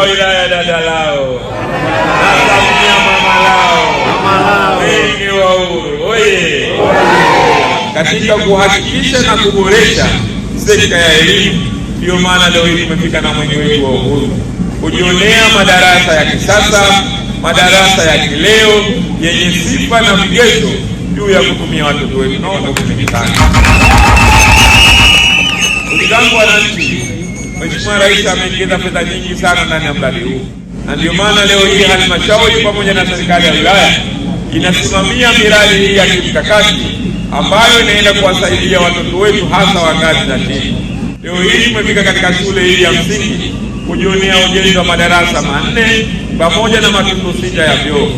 wa wilaya Dadalao, lao mama lao, wengi wa uhuru oye! Katika kuhakikisha na kuboresha sekta ya elimu, ndiyo maana leo hii tumefika na mwenge wetu wa uhuru kujionea madarasa ya kisasa, madarasa ya kileo yenye sifa na vigezo juu ya kutumia watoto wetu. Naona kutumikana, ndugu zangu wananchi Mheshimiwa Rais ameingiza fedha nyingi sana ndani ya mradi huu, na ndio maana leo hii halmashauri pamoja na serikali ya wilaya inasimamia miradi hii ya kimkakati ambayo inaenda kuwasaidia watoto wetu hasa wa ngazi za chini. Leo hii tumefika katika shule hii ya msingi kujionea ujenzi wa madarasa manne pamoja na matundu sita ya vyoo.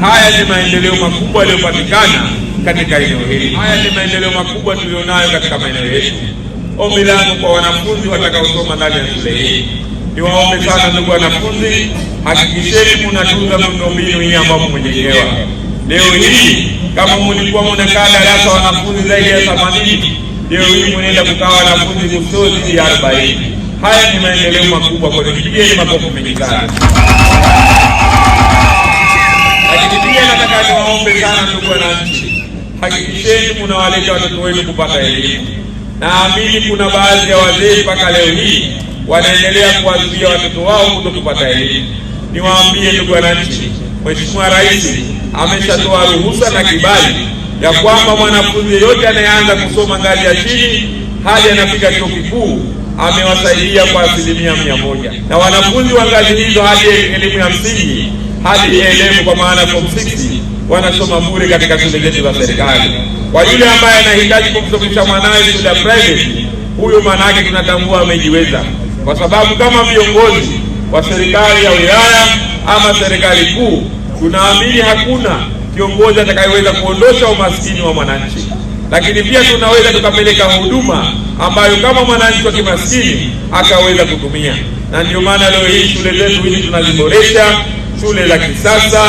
Haya ni maendeleo makubwa yaliyopatikana katika eneo hili. Haya ni maendeleo makubwa tuliyonayo katika maeneo yetu. Ombi langu kwa wanafunzi watakaosoma ndani ya shule hii, niwaombe sana ndugu wanafunzi, hakikisheni munatunza miundombinu hii ambayo mmejengewa. Leo hii kama mlikuwa mnakaa darasa wanafunzi zaidi ya themanini, leo hii mnaenda kukaa wanafunzi kusozidi ya arobaini. Haya ni maendeleo makubwa kwenu, pigeni makofi mengi sana. Lakini pia nataka niwaombe sana ndugu wananchi, hakikisheni mnawaleta watoto wenu kupata elimu. Naamini kuna baadhi ya wazee mpaka leo hii wanaendelea kuwazuia watoto wao kuto kupata elimu. Niwaambie ndugu wananchi, Mheshimiwa Rais ameshatoa ruhusa na kibali ya kwamba mwanafunzi yeyote anayeanza kusoma ngazi ya chini hadi anafika chuo kikuu amewasaidia kwa asilimia mia moja, na wanafunzi wa ngazi hizo hadi elimu ya msingi hadi elimu kwa maana form six wanasoma bure katika shule zetu za serikali. Kwa yule ambaye anahitaji kumsomesha mwanawe shule ya private, huyo maana yake tunatambua amejiweza, kwa sababu kama viongozi wa serikali ya wilaya ama serikali kuu tunaamini hakuna kiongozi atakayeweza kuondosha umaskini wa mwananchi, lakini pia tunaweza tukapeleka huduma ambayo kama mwananchi wa kimaskini akaweza kutumia, na ndio maana leo hii shule zetu hizi tunaziboresha, shule za kisasa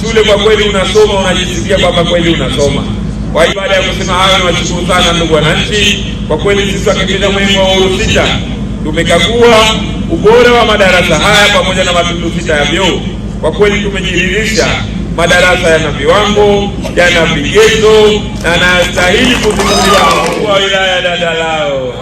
shule kwa kweli unasoma, unajisikia kwamba kweli unasoma. Kwa hiyo baada ya kusema hayo, niwashukuru sana ndugu wananchi. Kwa kweli sisi wakimbiza mwenge wa uhuru sita tumekagua ubora wa madarasa haya pamoja na matundu sita ya vyoo. Kwa kweli tumejiridhisha madarasa yana viwango, yana vigezo na yanastahili kutukuliwa wa wilaya ya Dadalao.